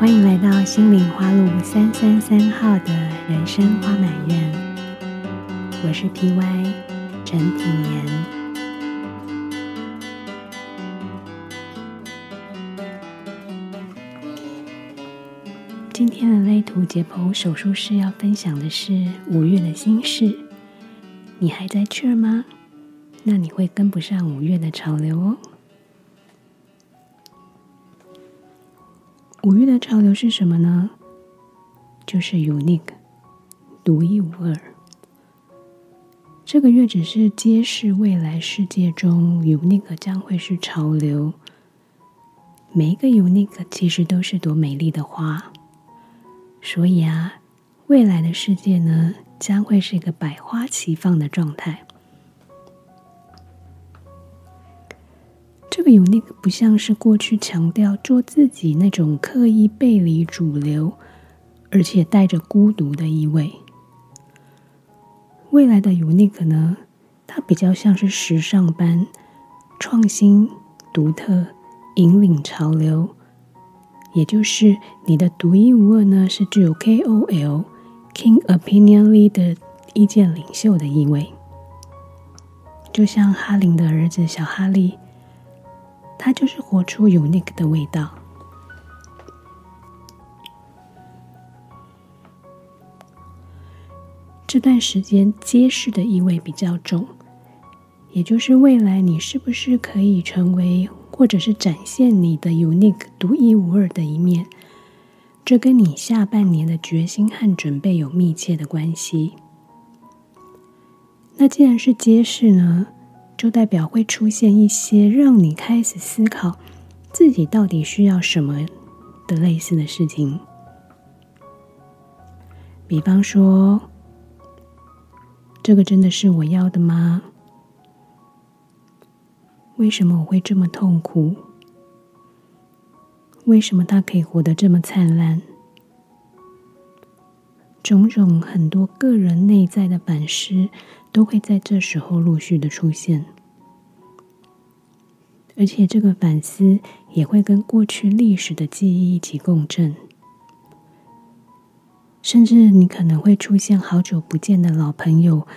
歡迎來到心靈花路三三三號的人生花滿院，我是 P.Y. 陳品妍。今天的人類圖解剖手術室要分享的是五月的星事，你還在 chill 嗎？那你會跟不上五月的潮流哦。五月的潮流是什麼呢？就是 unique，獨一無二。這個月只是揭示未來世界中 unique 將會是潮流。每一個 unique 其實都是朵美麗的花，所以啊，未來的世界呢，將會是一個百花齊放的狀態。這個 Unique 不像是過去強調做自己那種刻意背離主流，而且帶着孤獨的意味。未來的 Unique 呢，它比較像是時尚般創新、獨特、引領潮流，也就是你的獨一無二呢，是具有 KOL（King Opinion Leader） 意見領袖的意味。就像哈林的兒子小哈利。它就是活出 unique 的味道。這段時間揭示的意味比較重，也就是未來你是不是可以成為，或者是展現你的 unique 獨一無二的一面。這跟你下半年的決心和準備有密切的關係。那既然是揭示呢，就代表會出現一些讓你開始思考自己到底需要什麼的類似的事情，比方說，這個真的是我要的嗎？為什麼我會這麼痛苦？為什麼他可以活得這麼燦爛？種種很多個人內在的反思，都會在這時候陸續的出現，而且這個反思也會跟過去歷史的記憶一起共振。甚至你可能會出現好久不見的老朋友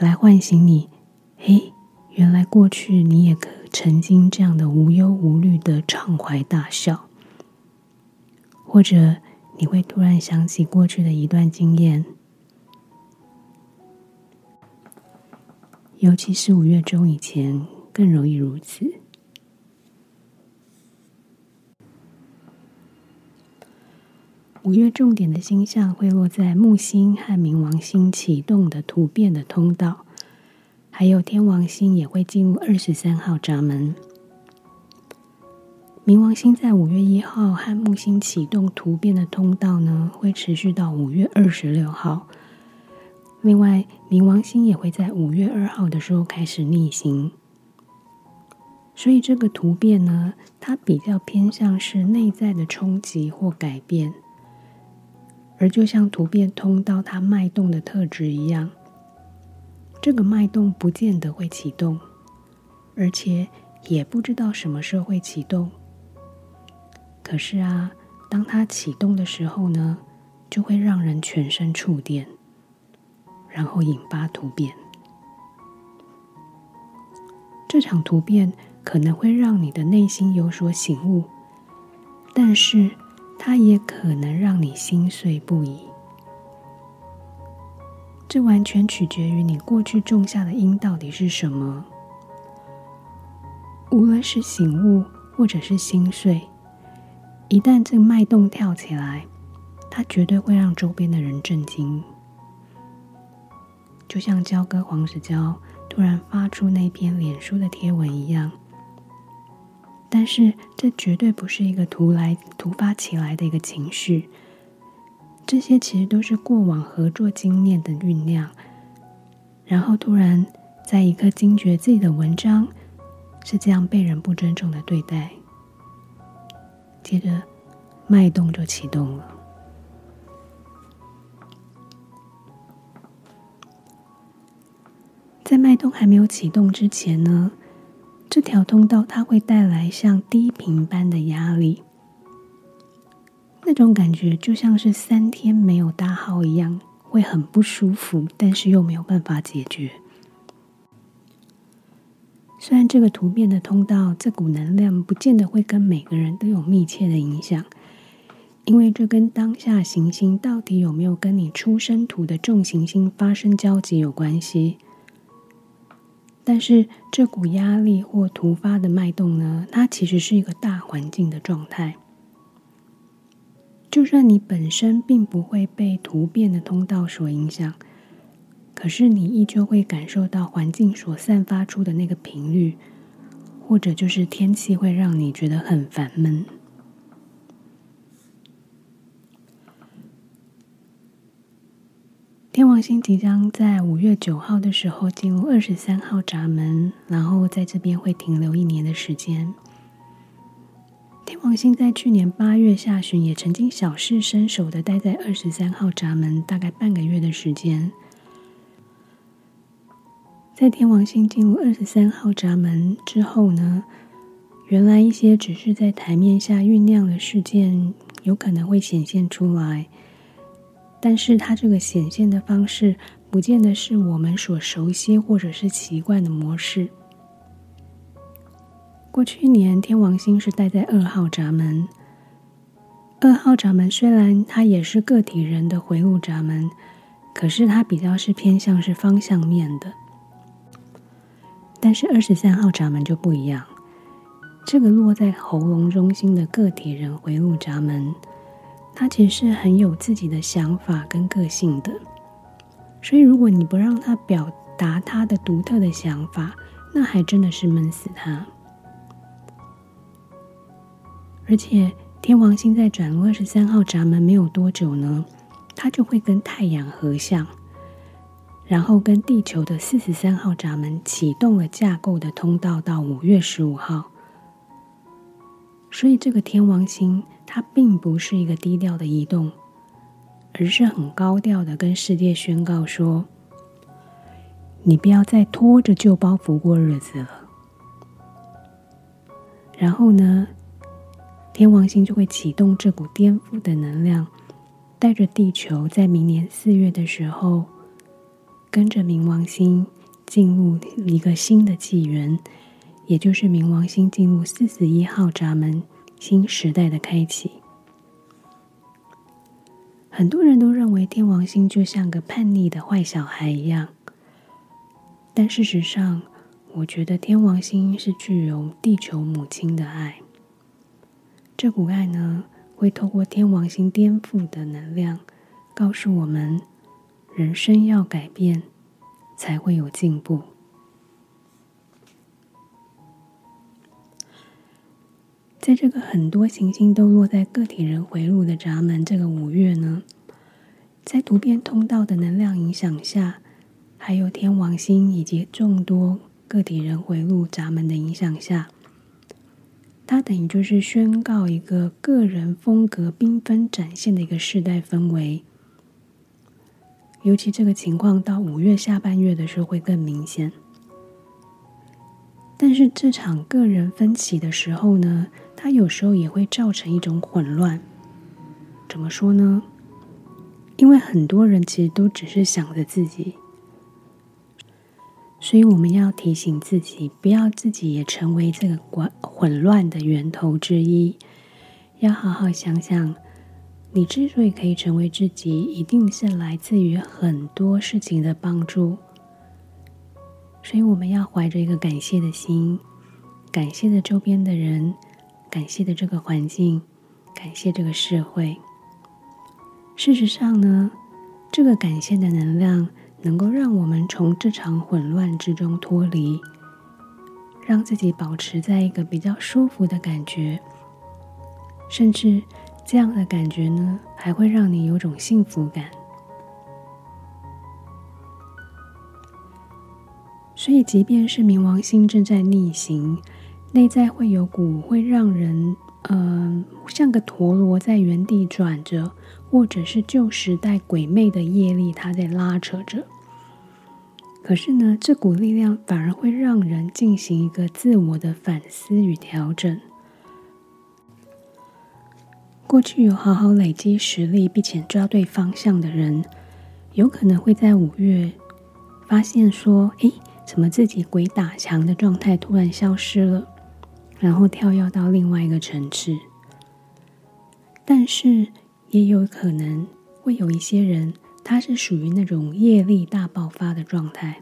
來喚醒你，嘿，原來過去你也曾經這樣的無憂無慮的暢懷大笑，或者。你會突然想起過去的一段經驗，尤其是五月中以前，更容易如此。五月重點的星象會落在木星和冥王星啟動的突變的通道，還有天王星也會進入二十三號閘門。冥王星在五月一號和木星啟動突變的通道呢，會持續到五月二十六號。另外，冥王星也會在五月二號的時候開始逆行。所以，這個突變呢，它比較偏向是內在的衝擊或改變。而就像突變通道它脈動的特質一樣，這個脈動不見得會啟動，而且也不知道什麼時候會啟動。可是啊，當它啟動的時候呢，就會讓人全身觸電，然後引發突變。這場突變可能會讓你的內心有所醒悟，但是它也可能讓你心碎不已。這完全取決於你過去種下的因到底是什麼。無論是醒悟，或者是心碎。一旦這個脈動跳起來，它絕對會讓周邊的人震驚，就像佼哥黃子佼突然發出那篇臉書的貼文一樣。但是，這絕對不是一個突來突發起來的一個情緒。這些其實都是過往合作經驗的醞釀，然後突然在一刻驚覺自己的文章是這樣被人不尊重的對待。接着，脈動就啟動了。在脈動還沒有啟動之前呢，這條通道它會帶來像低頻般的壓力。那種感覺就像是三天沒有大號一樣，會很不舒服，但是又沒有辦法解決。雖然這個突變的通道，這股能量不見得會跟每個人都有密切的影響，因為這跟當下行星到底有沒有跟你出生圖的重行星發生交集有關係。但是這股壓力或突發的脈動呢，它其實是一個大環境的狀態。就算你本身並不會被突變的通道所影響。可是你依舊會感受到環境所散發出的那個頻率，或者就是天氣會讓你覺得很煩悶。天王星即將在五月九號的時候進入二十三號閘門，然後在這邊會停留一年的時間。天王星在去年八月下旬也曾經小試身手的待在二十三號閘門，大概半個月的時間。在天王星進入二十三號閘門之後呢，原來一些只是在台面下醞釀的事件，有可能會顯現出來。但是它這個顯現的方式，不見得是我們所熟悉或者是習慣的模式。過去一年，天王星是待在二號閘門。二號閘門雖然它也是個體人的回路閘門，可是它比較是偏向是方向面的。但是二十三號閘門就不一樣，這個落在喉嚨中心的個體人回路閘門，它其實是很有自己的想法跟個性的，所以如果你不讓他表達他的獨特的想法，那還真的是悶死他。而且天王星在轉入二十三號閘門沒有多久呢，它就會跟太陽合相。然後跟地球的四十三號閘門啟動了架構的通道，到五月十五號。所以這個天王星它並不是一個低調的移動，而是很高調的跟世界宣告說：“你不要再拖着舊包袱過日子了。”然後呢，天王星就會啟動這股顛覆的能量，帶着地球在明年四月的時候。跟着冥王星進入一個新的紀元，也就是冥王星進入四十一號閘門，新時代的開啟。很多人都認為天王星就像個叛逆的壞小孩一樣，但事實上，我覺得天王星是具有地球母親的愛。這股愛呢，會透過天王星顛覆的能量，告訴我們。人生要改變，才會有進步。在這個很多行星都落在個體人回路的閘門，這個五月呢，在突變通道的能量影響下，還有天王星以及眾多個體人回路閘門的影響下，它等於就是宣告一個個人風格繽紛展現的一個世代氛圍。尤其這個情況到五月下半月的時候會更明顯。但是這場個人分歧的時候呢，它有時候也會造成一種混亂。怎麼說呢？因為很多人其實都只是想着自己，所以我們要提醒自己，不要自己也成為這個管混亂的源頭之一。要好好想想。你之所以可以成為自己，一定是來自於很多事情的幫助，所以我們要懷着一個感謝的心，感謝的周邊的人，感謝的這個環境，感謝這個社會。事實上呢，這個感謝的能量能夠讓我們從這場混亂之中脫離，讓自己保持在一個比較舒服的感覺，甚至。這樣的感覺呢，還會讓你有種幸福感。所以，即便是冥王星正在逆行，內在會有股會讓人，呃，像個陀螺在原地轉着，或者是舊時代鬼魅的業力，它在拉扯着。可是呢，這股力量反而會讓人進行一個自我的反思與調整。過去有好好累積實力並且抓對方向的人，有可能會在五月發現說：“誒，怎麼自己鬼打牆的狀態突然消失了？”然後跳躍到另外一個層次。但是也有可能會有一些人，他是屬於那種業力大爆發的狀態，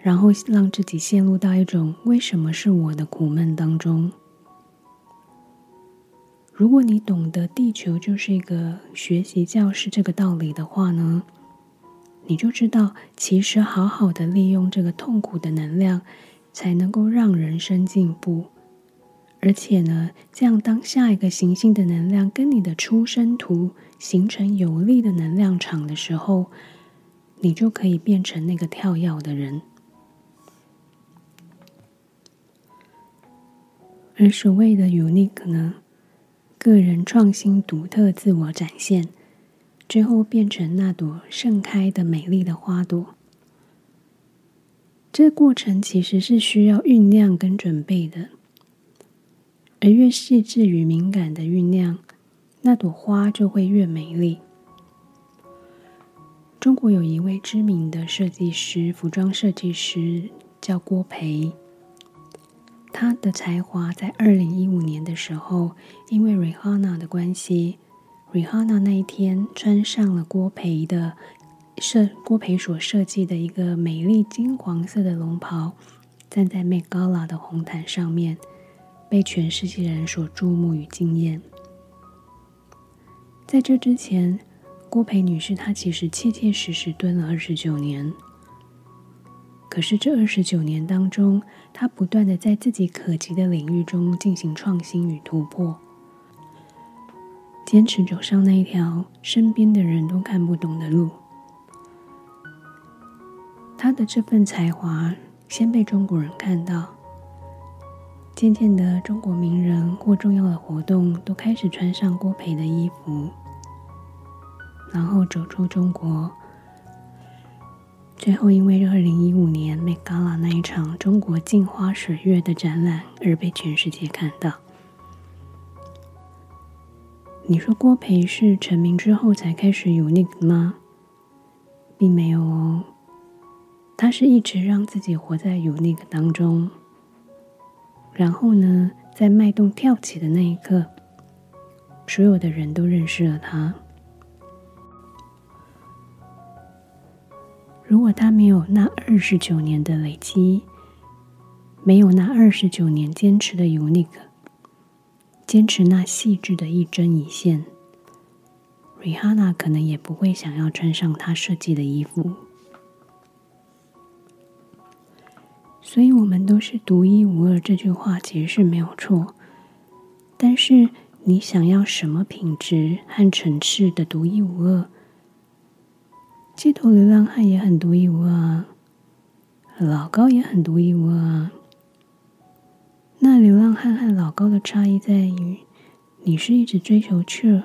然後讓自己陷入到一種“為什麼是我的”苦悶當中。如果你懂得地球就是一個學習教室這個道理的話呢，你就知道，其實好好的利用這個痛苦的能量，才能夠讓人生進步。而且呢，這樣當下一個行星的能量跟你的出生圖形成有力的能量場的時候，你就可以變成那個跳躍的人。而所謂的 unique 呢？個人創新、獨特自我展現，最後變成那朵盛開的美麗的花朵。這個過程其實是需要醞釀跟準備的，而越細緻與敏感的醞釀，那朵花就會越美麗。中國有一位知名的設計師、服裝設計師叫郭培。她的才華在二零一五年的時候，因為 Rihanna 的關係，Rihanna 那一天穿上了郭培的設郭培所設計的一個美麗金黃色的龍袍，站在 Met Gala 的紅毯上面，被全世界人所注目與驚豔。在這之前，郭培女士她其實切切實實蹲了二十九年。可是這二十九年當中，他不斷的在自己可及的領域中進行創新與突破，堅持走上那條身邊的人都看不懂的路。他的這份才華先被中國人看到，漸漸的，中國名人或重要的活動都開始穿上郭培的衣服，然後走出中國。最後，因為二零一五年 MET Gala 那一場“中國鏡花水月”的展覽而被全世界看到。你說郭培是成名之後才開始 unique 嗎？並沒有哦，他是一直讓自己活在 unique 當中。然後呢，在脈動跳起的那一刻，所有的人都認識了他。如果他沒有那二十九年的累積，沒有那二十九年堅持的 unique，堅持那細緻的一針一線，瑞哈娜可能也不會想要穿上他設計的衣服。所以，我們都是獨一無二。這句話其實是沒有錯，但是你想要什麼品質和層次的獨一無二？街頭流浪漢也很獨一無二啊，老高也很獨一無二啊。那流浪漢和老高的差異在於，你是一直追求 chill，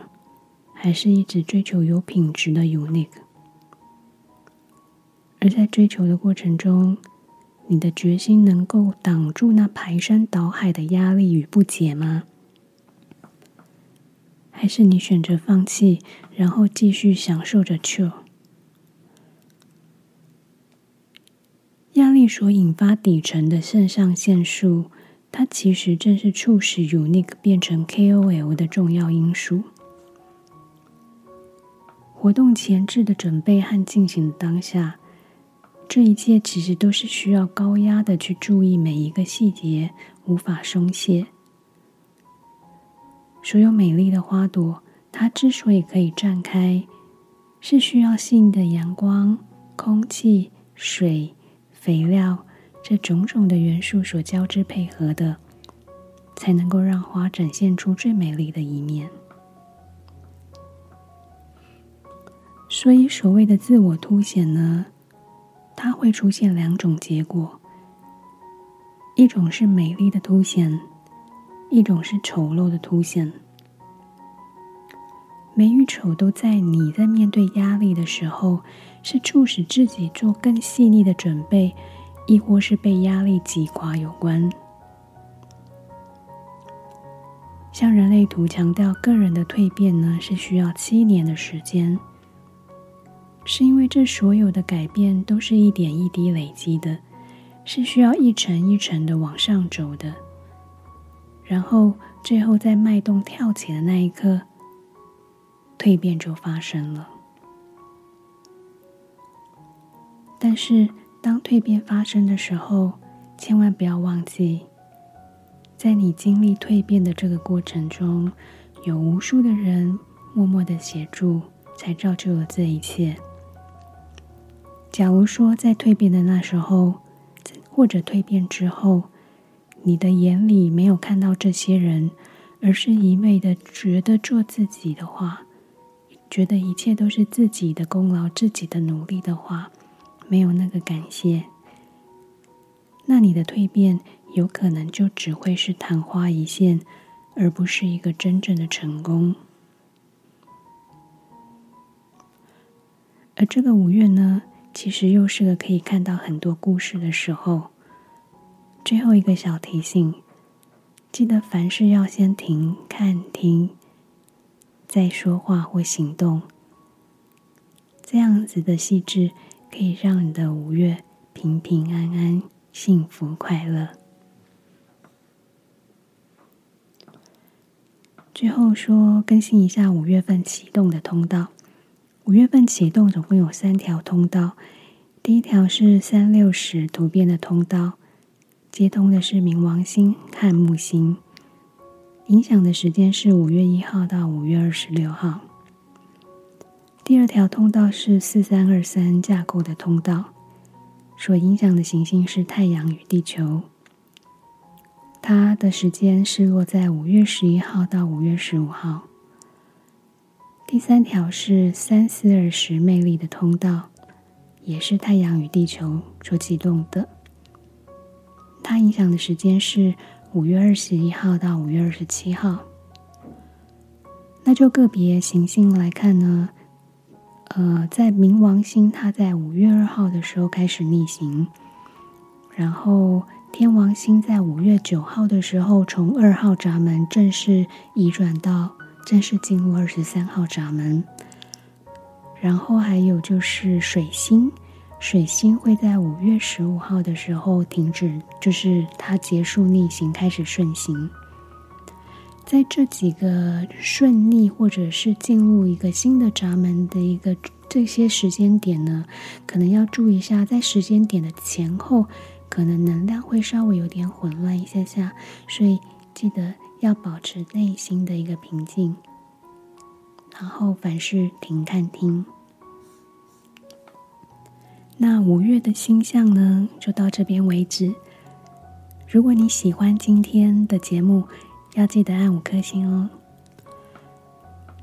還是一直追求有品質的 unique？而在追求的過程中，你的決心能夠擋住那排山倒海的壓力與不解嗎？還是你選擇放棄，然後繼續享受着 chill？壓力所引發底層的腎上腺素，它其實正是促使 unique 變成 KOL 的重要因素。活動前置的準備和進行的當下，這一切其實都是需要高壓的去注意每一個細節，無法鬆懈。所有美麗的花朵，它之所以可以綻開，是需要新的陽光、空氣、水。肥料，這種種的元素所交織配合的，才能夠讓花展現出最美麗的一面。所以，所謂的自我凸顯呢，它會出現兩種結果：一種是美麗的凸顯，一種是醜陋的凸顯。美與醜都在你在面對壓力的時候，是促使自己做更細膩的準備，亦或是被壓力擊垮有關。像人類圖強調，個人的蛻變呢是需要七年的時間，是因為這所有的改變都是一點一滴累積的，是需要一層一層的往上走的，然後最後在脈動跳起的那一刻，蛻變就發生了。但是，當蛻變發生的時候，千萬不要忘記，在你經歷蛻變的這個過程中，有無數的人默默的協助，才造就了這一切。假如說，在蛻變的那時候，或者蛻變之後，你的眼裡沒有看到這些人，而是一味的覺得做自己的話，覺得一切都是自己的功勞、自己的努力的話，沒有那個感謝，那你的蛻變有可能就只會是曇花一現，而不是一個真正的成功。而這個五月呢，其實又是個可以看到很多故事的時候。最後一個小提醒，記得凡事要先停、看、聽。在說話或行動，這樣子的細緻可以讓你的五月平平安安，幸福快樂。最後說，更新一下五月份啟動的通道。五月份啟動總共有三條通道，第一條是三六十突變的通道，接通的是冥王星和木星。影響的時間是五月一號到五月二十六號。第二條通道是四三二三架構的通道，所影響的行星是太陽與地球，它的時間是落在五月十一號到五月十五號。第三條是三四二十魅力的通道，也是太陽與地球所啟動的，它影響的時間是五月二十一號到五月二十七號，那就個別行星來看呢，呃，在冥王星，它在五月二號的時候開始逆行，然後天王星在五月九號的時候從二號閘門正式移轉到正式進入二十三號閘門，然後還有就是水星。水星會在五月十五號的時候停止，就是它結束逆行，開始順行。在這幾個順逆或者是進入一個新的閘門的一個這些時間點呢，可能要注意一下，在時間點的前後，可能能量會稍微有點混亂一下下，所以記得要保持內心的一個平靜。然後凡事停看聽。那五月的星象呢，就到這邊為止。如果你喜歡今天的節目，要記得按五顆星哦。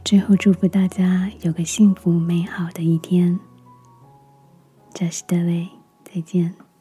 最後祝福大家有個幸福美好的一天。Just a way，再見。